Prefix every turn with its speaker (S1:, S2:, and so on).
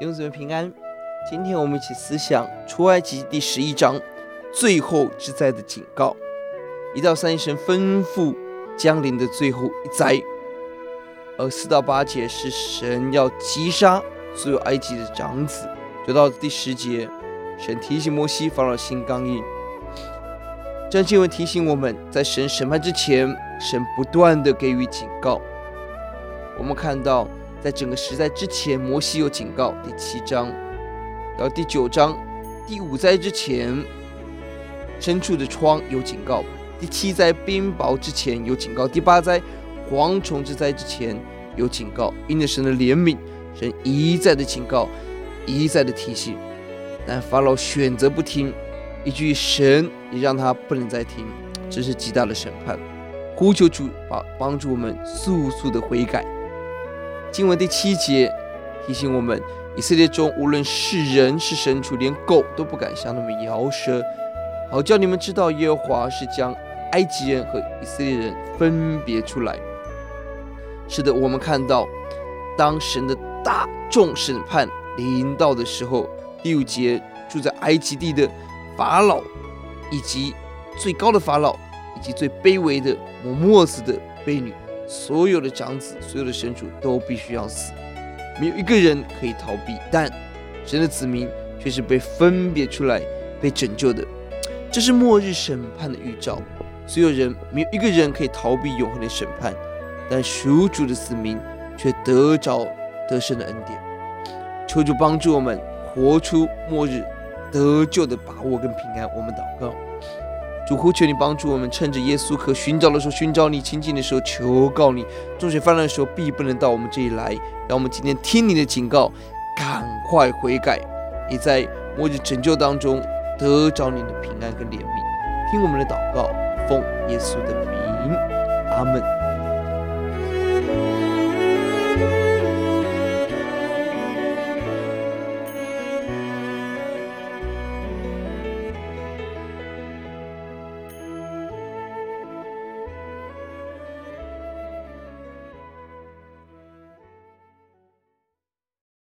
S1: 永子孫平安。今天我們一起思想出埃及第十一章最後之災的警告，一到三節神吩咐降臨的最後一災，而四到八節是神要擊殺所有埃及的長子。就到了第十節，神提醒摩西法老心剛硬。這樣經文提醒我們，在神審判之前，神不斷的給予警告。我們看到。在整個十災之前，摩西有警告，第七章到第九章，第五災之前，牲畜的瘡有警告，第七災冰雹之前有警告，第八災蝗蟲之災之前有警告。因着神的憐憫，神一再的警告，一再的提醒，但法老選擇不聽，以致神也讓他不能再聽，這是極大的審判。呼求主把幫助我們，速速的悔改。經文第七節提醒我們，以色列中無論是人是牲畜，連狗都不敢向他們搖舌，好叫你們知道，耶和華是將埃及人和以色列人分別出來。是的，我們看到當神的大眾審判臨到的時候，第五節住在埃及地的法老，以及最高的法老，以及最卑微的磨子後的婢女，所有的長子，所有的牲畜都必須要死，沒有一個人可以逃避。但神的子民卻是被分別出來、被拯救的，這是末日審判的預兆。所有人沒有一個人可以逃避永恆的審判，但屬主的子民卻得着得勝的恩典。求主幫助我們活出末日得救的把握跟平安。我們禱告。主呼求你幫助我們，趁着耶穌可尋找的時候，尋找你親近的時候，求告你；眾水氾濫的時候，必不能到我們這裡來。讓我們今天聽你的警告，趕快悔改，也在末日拯救當中得着你的平安跟憐憫。聽我們的禱告，奉耶穌的名，阿門。